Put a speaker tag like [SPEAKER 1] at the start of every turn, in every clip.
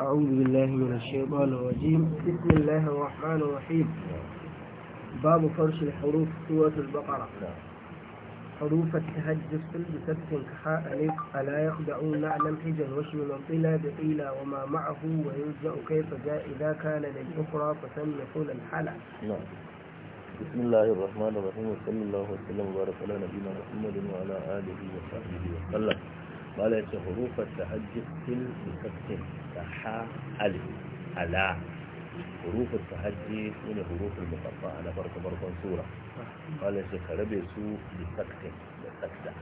[SPEAKER 1] أعوذ بالله من الشيطان الرجيم بسم الله الرحمن الرحيم باب فرش الحروف سورة البقرة حروف التهجس سلب سبت كحاء ليق ألا يخدعون نعلا حجا وشم الطلا بقيلا وما معه ويلجأ كيف جاء إذا كان للأخرى فسمحون الحلا
[SPEAKER 2] نعم بسم الله الرحمن الرحيم وصلى الله وسلم وبارك على نبينا محمد وعلى آله وصحبه وسلم قال حروف التهجد تل بكسر تحا ألف ألا حروف التهجد من حروف المقطعة على فرق فرق سورة قال شيخ ربي سوء بسكت بسكتة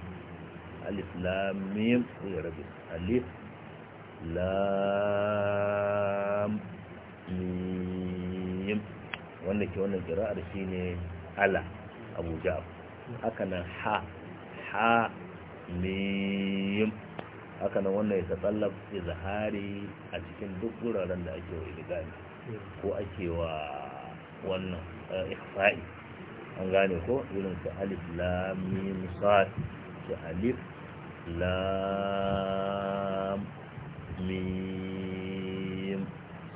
[SPEAKER 2] ألف لام ميم هي ربي ألف لام ميم wannan ke wannan kira'ar shine ala abu ja'far haka حا ha mim haka nan wannan ya tatsallab izhari a cikin duk wuraren da ake wa iligami ko ake wa wannan eh, ihfa'i an gane ko irin su alif lam mim sad su alif lam mim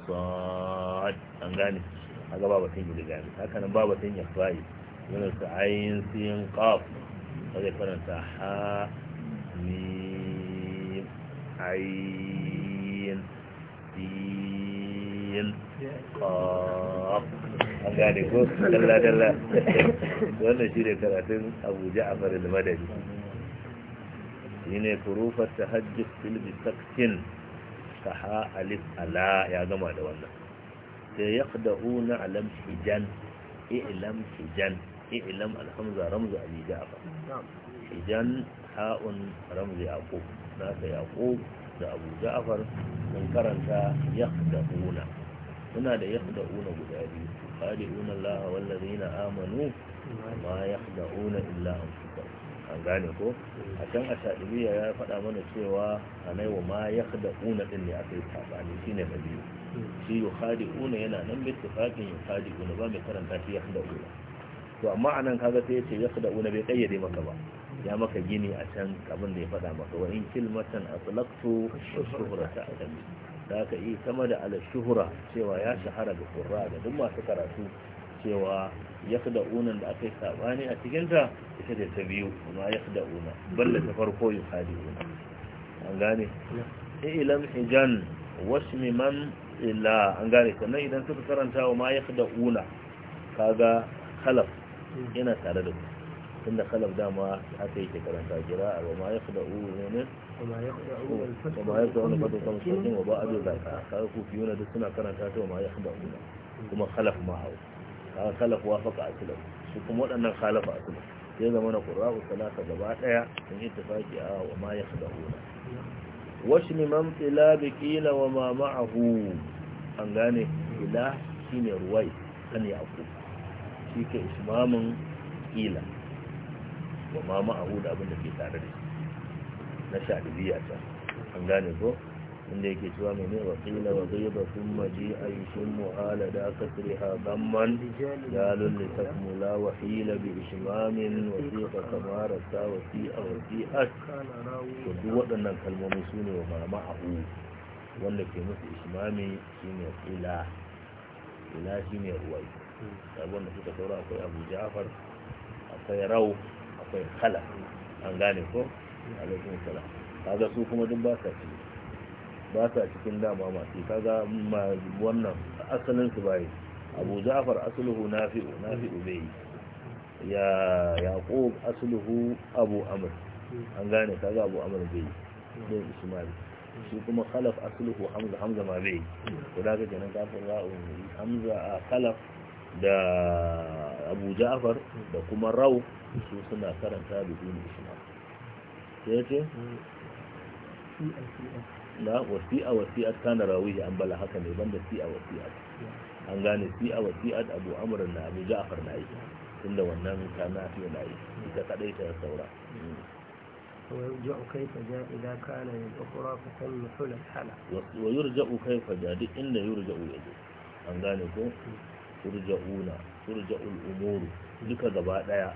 [SPEAKER 2] sad an gane haka babatun iligami haka nan babatun ihfa'i irin su ayin sin qaf zai karanta ha ni ayin yin qaf ah, an gane ko dalla dalla wannan shi ne karatun abu shi ne kurufar ta hajji tahajjud fil ka ha alif ala ya gama da wannan sai yaqda'una alam hijan i'lam hijan i'lam alhamza ramzu abi ja'far idan ha'un ramzu yaqub naka yaqub da abu ja'far mun karanta yaqdauna muna da yaqdauna guda biyu qali'una allaha wal amanu ma yaqdauna illa an gane ko a can a shaɗibiya ya faɗa mana cewa a naiwa ma ya kada una ɗin ne aka yi shi ne na biyu shi yi una yana nan bai tufaƙin yi una ba mai karanta shi ya kada una to amma anan kaga sai yace yakhda'una bai kayyade maka ba ya maka gini a can abin da ya faɗa maka wa in kilmatan atlaqtu shuhrata adami da ka yi sama da ala shuhura cewa ya shahara da qurra da duk masu karatu cewa yakhda'unan da akai sabani a cikin ta ita da ta biyu amma yakhda'una balla ta farko yuhadiuna an gane ilam hijan wasmi man ila an gane sannan idan suka karanta wa ma yakhda'una kaga khalaf yana tare da ku tunda khalaf dama haka yake karanta jira a wa ma yakhda'u ne
[SPEAKER 1] wa ma yakhda'u wani fatu kan sojin
[SPEAKER 2] wa ba'adu zaka kaga ku fiyuna duk suna karanta ta wa ma yakhda'u kuma khalaf ma hau kaga khalaf wafaqa aslan su kuma waɗannan khalafa aslan sai zama na qura'u salata gaba ɗaya. sun yi tafaki a wa ma yakhda'u washmi man ila bikila wa ma ma'ahu an gane ila shine ruwai an yaqub ke ismamin ila wa ma ma'ahu da abin da ke tare da shi na sha'adiliya ta an gane ko inda yake cewa mai ne wakila wa zai ba sun maji a yi sun mu'ala da aka tsiri ha zamman galun da ta mula wa hila bi ishimamin wasiƙa kamara ta fi a wasi a to duk waɗannan kalmomi su ne wa mama ahu wanda ke musu ishimami shi ne kila shi ne ruwai sabon da suka saura akwai abu ja'afar akwai rau akwai kala. an gane ko alaikum sala kaga su kuma duk ba sa ciki ba sa cikin dama masu kaga wannan asalin su bai abu ja'afar asluhu nafi'u nafi'u bai ya yaqub asluhu abu amr an gane kaga abu amr bai Don ismail shi kuma khalaf asluhu hamza hamza ma bai to daga kenan kafin ra'u hamza a khalaf da abu ja'far da kuma rau su suna karanta da duni isnad sai ya ce na wasi'a wasi'at kana rawihi an bala haka ne banda si'a wasi'at an gane si'a wasi'at abu amr na abu ja'far na yi tunda wannan na fi na yi ita kadai ta saura
[SPEAKER 1] ويرجع كيف جاء إذا كان للأخرى فكم حل الحلا
[SPEAKER 2] ويرجع كيف جاء إن يرجع يجي gane ko. turja'una turja'ul umuru duka gaba daya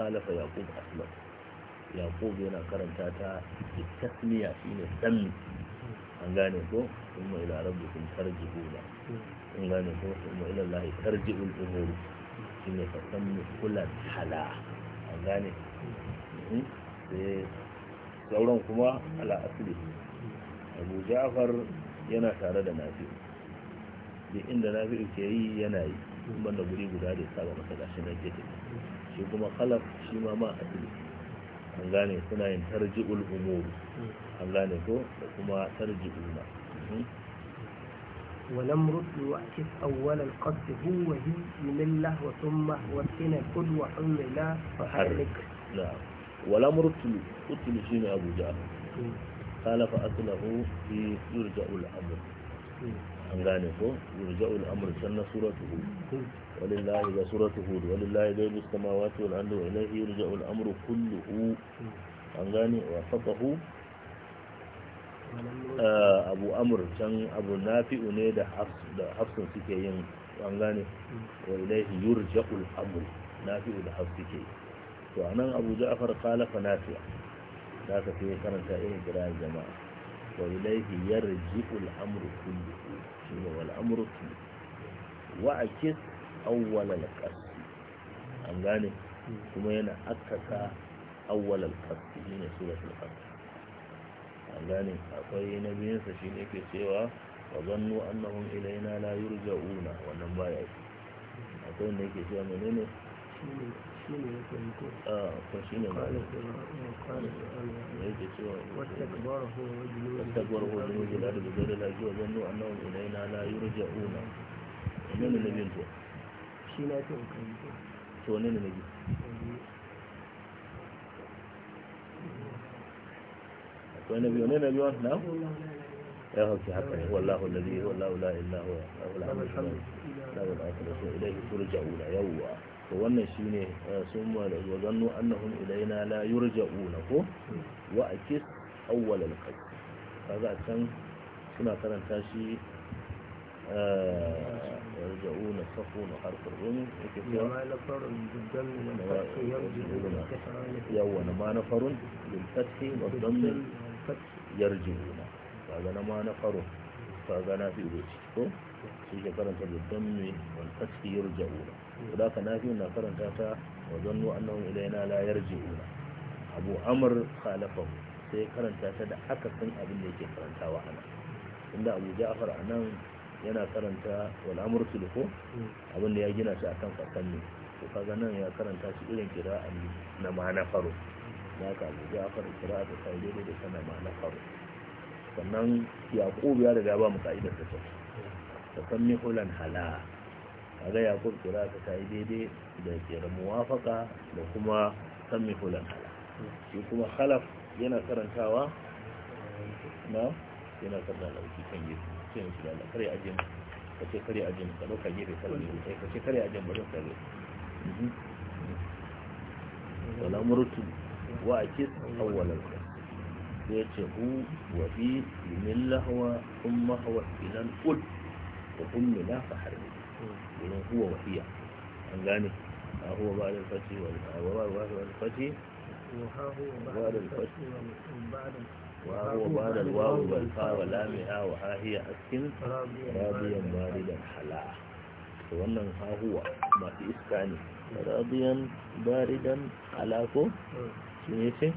[SPEAKER 2] khalafa yaqub aslam yaqub yana karanta ta tasmiya shine salli an gane ko kuma ila rabbikum tarji'una an gane ko kuma ila allahi tarji'ul umuru shine fasammi kula hala an gane sai hmm? eh, sauran kuma ala asli abu ja'far yana tare da nafi'u duk inda nafi'u ke yi yana yi kuma guri guda da ya saba masa gashi nan ke shi kuma khalaf shi ma ma fili, an gane suna yin tarji'ul umur an gane ko da kuma tarji'ul ma
[SPEAKER 1] ولم رد وأكف أول القصد هو هي من الله وثم وسنا كل وحمل لا فحرك
[SPEAKER 2] نعم ولم رد قتل شين أبو جهل قال فأصله في يرجع الأمر an gane ko yurja'ul amru sanna suratu hud walillahi ga suratu hud walillahi ghaibus samawati wal ardi wa ilayhi yurja'ul amru kulluhu an gane wa fatahu eh, abu amr can abu nafi'u ne da hafsun suke yin an gane wa ilayhi yurja'ul amru nafi'u da hafsu ke to anan abu ja'far qala fa nafi'a da ka fi karanta irin jira'i jama'a wa ilaihi yarji'u al-amru kullu shine wal amru kullu wa akis awwal al-qasd an gane kuma yana akasa awwal al-qasd shine suratul qasd an gane akwai na biyan sa shine ke cewa wa zannu annahum ilaina la yurja'una wannan baya akwai wanda yake cewa menene
[SPEAKER 1] واستكبره
[SPEAKER 3] جنود الأرض
[SPEAKER 2] بغير لا ya hauki haka ne wallahu to wannan shine eh, sun wa zannu annahum ilaina la yurja'una ko wa akis awwal al-qais kaga can suna karanta shi يرجعون صفون حرف الرمي وما
[SPEAKER 1] نفر بالضم والفتح يرجعون يوم ما نفر
[SPEAKER 2] بالفتح والضم يرجعون فهذا ما نفر فهذا في وجهه شيء كرنت بالضم والفتح يرجعون da ka nafi na karanta ta wa zannu ila ilaina la yarji'una abu amur sai karanta ta da aka sun abin da yake wa ana inda abu a nan yana karanta wal'amur amr abin da ya gina shi a kan akan kakanni to kaga nan ya karanta shi irin a na ma'ana faro ya ka abu ja'afar kira da yi daidai da sana ma'ana faro sannan yaqub ya riga ba mu ka'idar ta ta sanni hulan hala kaga yaqub kira ka yi daidai da da muwafaka da kuma hulan hala shi kuma halaf yana karantawa na yana karanta lauki kan yi sai shi da kare ajin ka ce kare ajin ka dauka gefe kare sai eh, ka ce kare ajin ba ka zo wala murtu wa a akis awwal al ya ce hu wa limin lahawa kuma hawa ilan ul da kun mila fa ولو هو وهي عن هو بعد الفتح وبعد الفتح
[SPEAKER 3] وبعد الفتح وهو بعد الواو والفا والامها وها
[SPEAKER 2] هي حسن راضيا باردا حلا وانا ها هو ما في اسكاني راضيا باردا حلا كو شنيته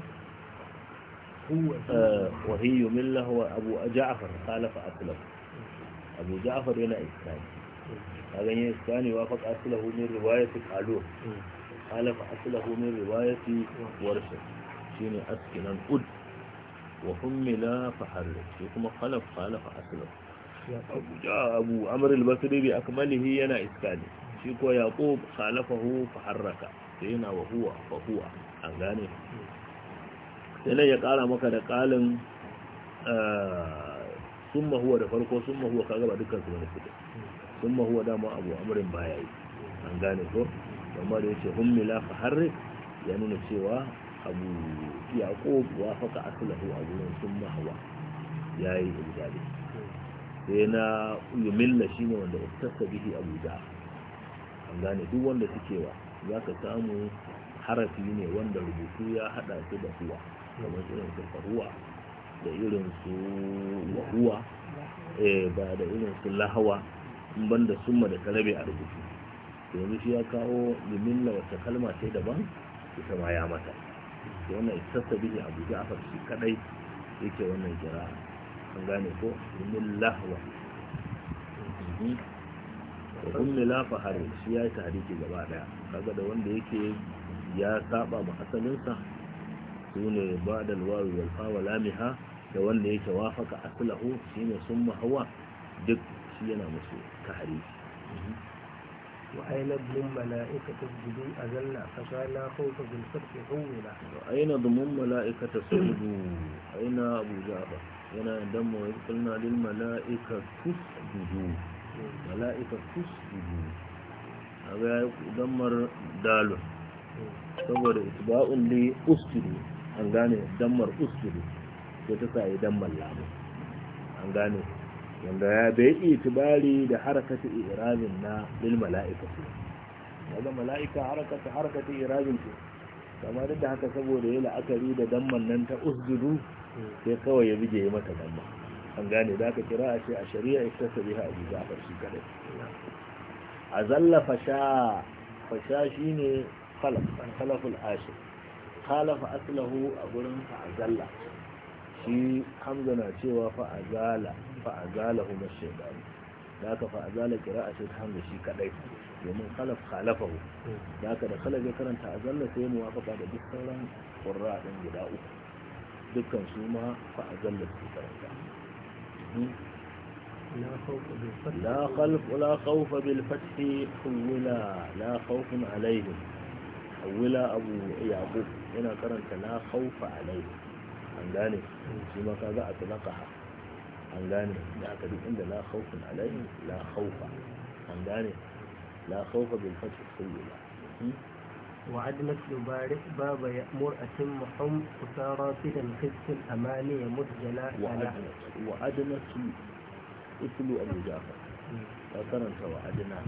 [SPEAKER 3] هو آه،
[SPEAKER 2] وهي يمل هو ابو جعفر قال فاطلب ابو جعفر هنا اسكاني a yin iskani wa faƙa aslahu min riwayati kalu hmm. qala fa aslahu min riwayati warsa shine askinan ud wa hummila fa harra shi kuma qalaf qala fa ya abu amr al-basri bi akmalihi yana iskani shi ko yaqub khalafahu fa harraka yana wa huwa fa huwa an gane hmm. sai ya kara maka da kalin ah, summa huwa da farko summa huwa kaga ba dukkan su ne sun mahuwa dama abu amurin baya yi an gane ko amma da yace hummila fa harrik ya nuna cewa abu yaqub wafaka aslahu a gurin sun mahawa yayi ibdali sai na yumilla shine wanda uktasa bihi abu da an gane duk wanda suke wa zaka samu harafi ne wanda rubutu ya hada su da huwa kamar irin su huwa da irin su lahawa in ban da summa da kalabe a rubutu yanzu shi ya kawo limilla wacce kalma ce daban ita ma ya mata to wannan isassa bihi buɗe a shi kadai yake wannan jira an gane ko limilla wa wa ummi la fahari shi ya yi tahriki gaba daya kaga da wanda yake ya saba ma asalinsa su ne ba da wal wa lamiha da wanda yake wafaka asalahu shine summa hawa duk shi yana musu
[SPEAKER 1] kahari wa ainihin mala’ika ta gudun a zanna a kasha lafau ta gulfar ke hannuna a
[SPEAKER 2] aina dumin mala’ika ta sulhu aina abuja ba yana don mawai kulnalin mala’ika kus gudu mala’ika kus gudu a ga yi damar dalon saboda ita ba’un ne ustudu an gane damar ustudu ko ta sa yi damar lamu, an gane wanda bai itibari da harakata irabin na lil mala'ikati daga mala'ika harakata harakata irabin ce kamar da haka saboda ya la'akari da damman nan ta usjudu sai kawai ya bige mata damma an gane da aka kira a ce a shari'a ita ta biha abu da aka shi kadai a zalla fasha fasha shine khalaf khalaful ashir
[SPEAKER 1] khalafa aslahu
[SPEAKER 2] a gurin fa azalla shi hamza na cewa fa فأزالهم الشيطان ذاك فأزال قراءة الشيطان بشي كذلك ومن خلف خالفه ذاك دخلت ذكرا تأزل سين وافق على دكتورا قراء جداء دكا سوما فأزل الشيطان
[SPEAKER 1] لا خوف بالفتح
[SPEAKER 2] لا خوف بالفتح حولا لا خوف عليهم حولا أبو يعقوب هنا قرنت لا خوف عليهم عن ذلك ما كذا أتلقها an gane da aka duk inda la khawfun alaihim la khawfa an gane la khawfa bil fath sayyida
[SPEAKER 1] وعد مثل بارك باب يأمر أتم حم أسارى في الخس الأماني مدجلا وعد
[SPEAKER 2] مثل اسم أبو جعفر فكرنت وعدنا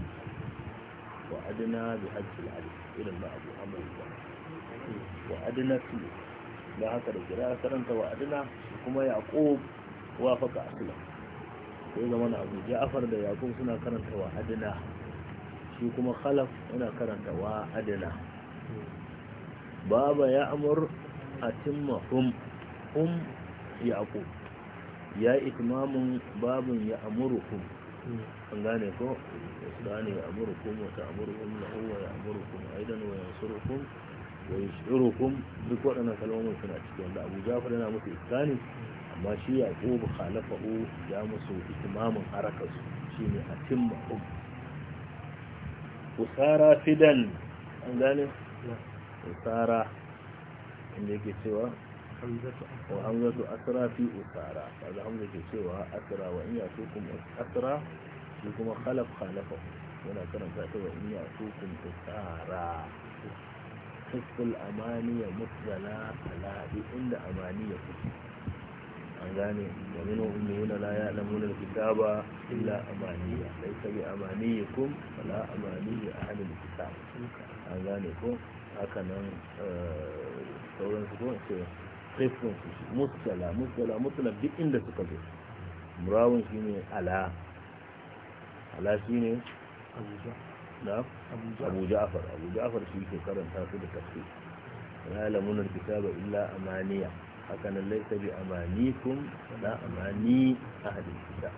[SPEAKER 2] وعدنا بحج العلي إلى ما أبو عمر وعدنا في لا هكذا كرنت وعدنا كما يعقوب wafaka asila sai zama na abu ja'afar da yakub suna karanta wa adina shi kuma khalaf yana karanta wa adina baba ya amur a timma hum hum yaqub ya itmamun babun ya amurukum an gane ko gane ya amurukum wa ta'murukum la huwa ya amurukum aidan wa yansurukum wa yash'urukum duk waɗannan kalmomin suna cikin da Abu Ja'far yana musu iskani amma shi ya yaqubu khalafahu ya musu itimamin ne a cin hum usara fidan an gane usara inda yake cewa wa hamzatu asira fi usara kaga hamza ke cewa asra wa in tukun asira shi kuma khalaf khalafahu yana karanta ta wa in yatukum usara fiskul amaniya mutlala ala inda amaniya kusa. an gane wa min ummiyun la ya'lamun al-kitaba illa amaniya laysa bi amaniyikum wala a ahlil kitaba an gane ko haka nan eh, sauran su kuma ce khifun su mustala mustala duk inda suka zo murawun shi ne ala ala shi ne abu ja'far abu ja'far shi ke karanta su da tafi. ya ya'lamun al-kitaba illa amaniya haka ليس بأمانيكم bi amanikum أهل amani ahli kitab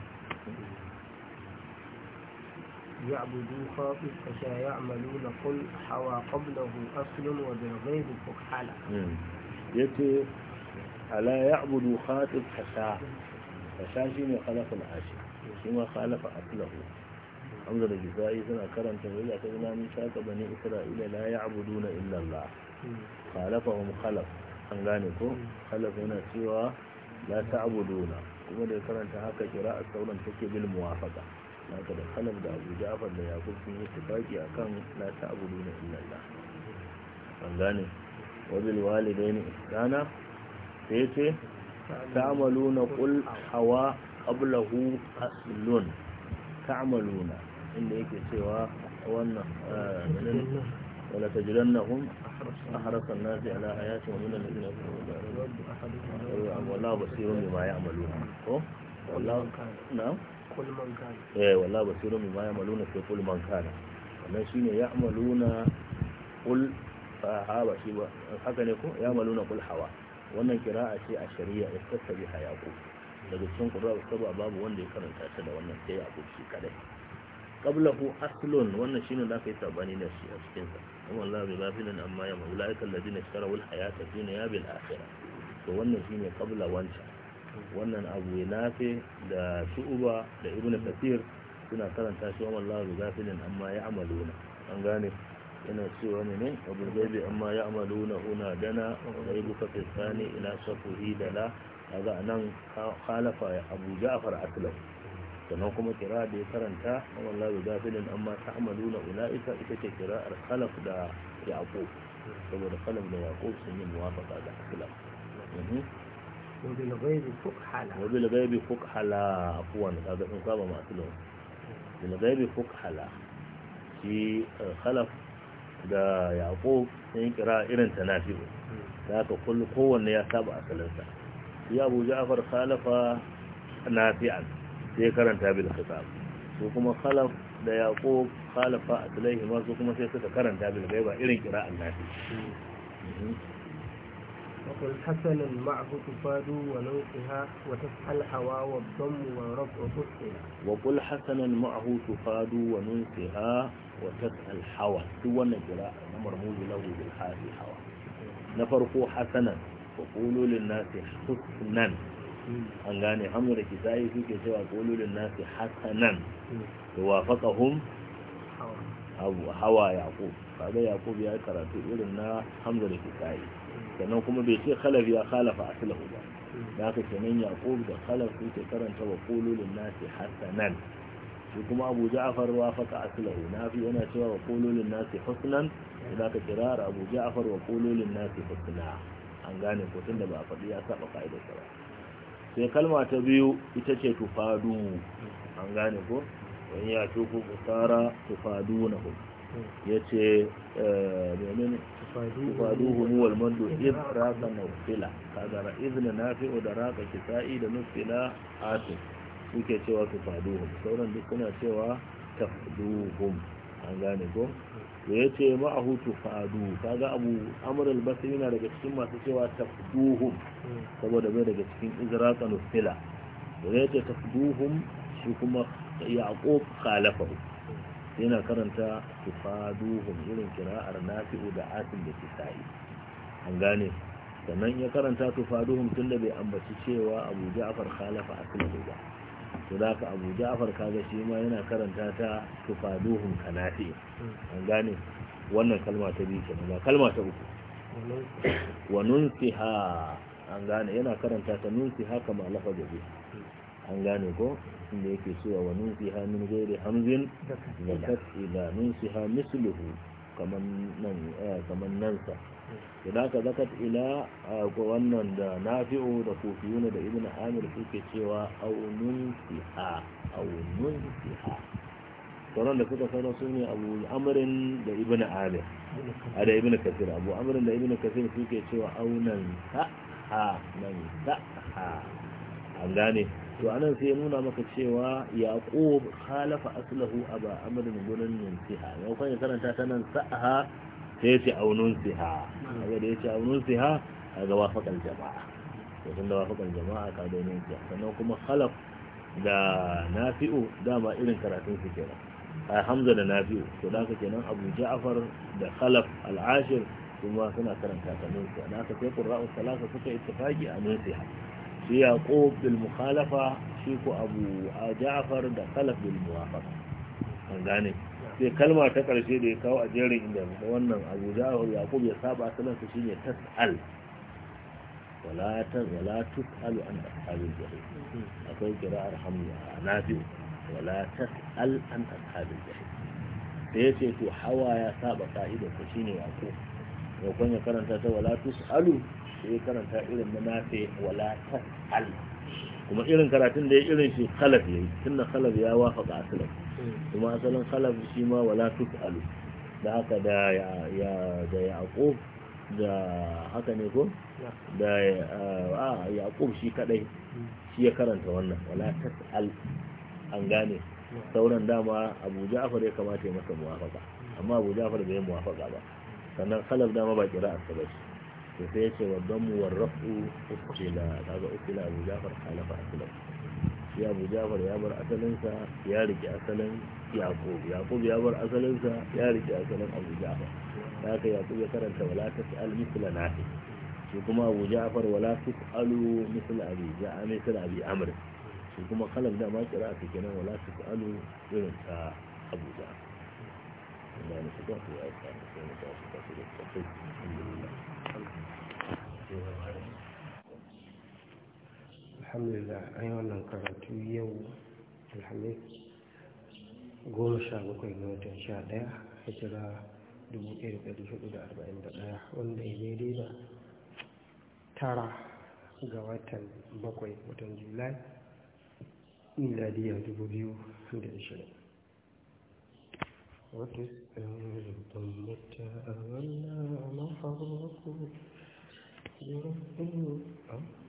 [SPEAKER 1] يعبدوا خاطب يعملون قل حوى قبله أصل وبالغيب فكحلة
[SPEAKER 2] يتي ألا يعبدوا خاطب فشا فشا شيني خلق العاشر شين خالف أصله عمد الجزائي سنة كرم تقول أتبنا من شاك بني إسرائيل لا يعبدون إلا الله خالفهم خلق an gane ko salafu mm. yana cewa la ta'buduna kuma da karanta haka kira a sauran take bil muwafaqa haka da salaf da Abu Ja'far da Yaqub sun yi tabaki akan la ta'buduna illa Allah an gane wa bil walidaini ihsana sai ce ta'maluna qul hawa qablahu aslun ta'maluna inda yake cewa wannan eh, ولا تجدنهم أحرص الناس على حياة ومن الذين يكفرون والله بصير بما يعملون والله من كان بما يعملون في كل من كان wannan shi ba haka ne ko ya'maluna hawa wannan kira'a ce a shari'a istattabi hayaqu daga cikin qur'a babu wanda ya karanta ta da wannan sai a shi kadai qablahu aslun wannan shine da aka yi sabani ne shi a cikin sa amma Allah bai gafilin amma ya maulaika alladina ishtaraw alhayata dunya bil akhirah to wannan shine qabla wancan wannan abu nafi da shu'uba da Ibn kathir suna karanta shi wa Allah bai gafilin amma ya amaluna an gane yana cewa ne ne abul gaibi amma ya amaluna una dana ghaibu ka fi tsani ila safuhi dala kaga anan khalafa abu ja'far aslam sannan kuma kira da ya karanta wallahu gafilin amma ta'maluna ulaika ita ce kira'ar khalaf da yaqub saboda khalaf da yaqub sun yi muwafaqa da khalaf وبالغيب فكحلا وبالغيب فكحلا عفوا هذا من قام ما أتلون بالغيب فكحلا في خلف da yaƙub sun yi kira irin ta nafi'u da aka kullu kowanne ya saba asalinsa ya abu ja'afar khalafa nafi'an sai karanta bil khitab su kuma khalaf da yaqub khalafa atlaihi ma su kuma sai suka karanta bil gaiba irin kira'an nafi
[SPEAKER 1] وقل حسن معه تفاد ونوقها وتفحى الحوى والضم والرفع فصلا
[SPEAKER 2] وقل حسن معه تفاد ونوقها وتفحى الحوى سوى النجراء مرموز له بالحاء الحوى نفرق حسنا وقولوا للناس حسنا an gane hamu da suke cewa kolulun nasu hasanan da wafaka hun hawa yaqub kaga yaqub ya karatu irin na hamza da kisa'i sannan kuma bai ce khalaf ya khalafa aslahu ba da ka kenan yaqub da khalaf suke karanta wa kolulun nasu hasanan shi kuma abu ja'far wafaqa na nafi yana cewa wa kolulun nasi hasanan Da ka kirara abu ja'far wa kolulun nasi husna an gane ko tunda ba a faɗi ya saba ka'idar sa ba sai kalma ta biyu ita ce tufadu an gane ko wani ya ce ku kusara tufadu na ku ya ce eh, domin tufadu hunu walmando iz raka na fila Ka gara izini na fi da raka kisa'i da nufila Su suke cewa tufadu sauran duk suna cewa tafduhum an gane ko da ya ce ma'ahu tufadu ga abu amur al yana daga cikin masu cewa tafduhum saboda bai daga cikin izraqan nufila da ya ce tafduhum shi kuma yaqub sai yana karanta tufaduhum irin kira a nafi'u da asin da sa'i an gane sannan ya karanta tun da bai ambaci cewa abu ja'far khalafa aslahu ba to da ka abu ja'far kaga shi ma yana karanta ta tufaduhum kanafi an gane wannan kalma ta biyu kenan ba kalma ta uku wa nunsiha an gane yana karanta ta nunsiha kama lafa bi an gane ko inda yake cewa wa nunsiha min ghairi hamzin zakat ila nunsiha misluhu kaman nan eh, kaman nan sa idan ka zakat ila ga wannan da nafi'u da kufiyuna da ibn amir suke cewa aunun fiha aunun fiha sauran da suka sanar su ne abu amrin da ibn amir a da ibn kasir abu amrin da ibn kasir suke cewa aunan nan ha nan ta ha an gane to anan sai nuna maka cewa yaqub khalafa aslahu aba amrin gunan yantiha yau kan karanta ta nan ha sai ya ce aunun siha kaga da ya ce aunun siha kaga wafakar jama'a sun tunda wafakar jama'a ka da ne sannan kuma khalaf da nafi'u dama irin karatun su kenan a hamza da nafi'u to da nan abu ja'afar da khalaf al'ashir kuma suna karanta nun su da haka sai qurra'u salasa suka ittifaqi a nan siha shi yaqub bil mukhalafa shi ko abu ja'afar da khalaf bil muwafaqa an gane sai kalma ta ƙarshe da ya kawo a jerin inda da wannan abu ja'ahul yaqub ya saba asalansa shine tas'al wala ta wala tus'alu an ashabil jahim akwai qira'ar hamza nafi wala Al an ashabil jahim sai yace to hawa ya saba ka'idar ta shine yaqub ya kun ya karanta ta wala alu sai ya karanta irin na nafi wala Al. kuma irin karatun da ya irin shi khalaf yayi tunda khalaf ya wafa ga asalin kuma asalin khalaf shi ma wala tus'alu da haka da ya da yaqub da haka ne ko da a ah, ah, yaqub shi kadai shi ya karanta wannan wala tas'al an gane sauran dama abu ja'far ya kamata ya masa muwafaka amma abu ja'far bai muwafaka ba sannan khalaf dama ba kira sa bace to sai ya ce wa damu warrafu ukila kaga ukila abu ja'far khalafa akila shi abu jafar ya bar asalinsa ya rike asalin yaqub yaqub ya bar asalinsa ya rike asalin abu jafar da haka yaqub ya karanta wala tas'al misla nafi shi kuma abu jafar wala tas'alu misla abi ja'a misla abi amr shi kuma kalam da ma kira ta kenan wala tas'alu irin ta abu jafar da ne su ba su ya
[SPEAKER 1] ta su ta su ta su ta su alhamdulillah an yi wannan karatu yau alhamis goma sha bakwai na watan sha daya a hijira 1441 wanda ya daidai da tara ga watan bakwai watan julai miladiya 2020 wata tsarin bambata a wannan mafarko yau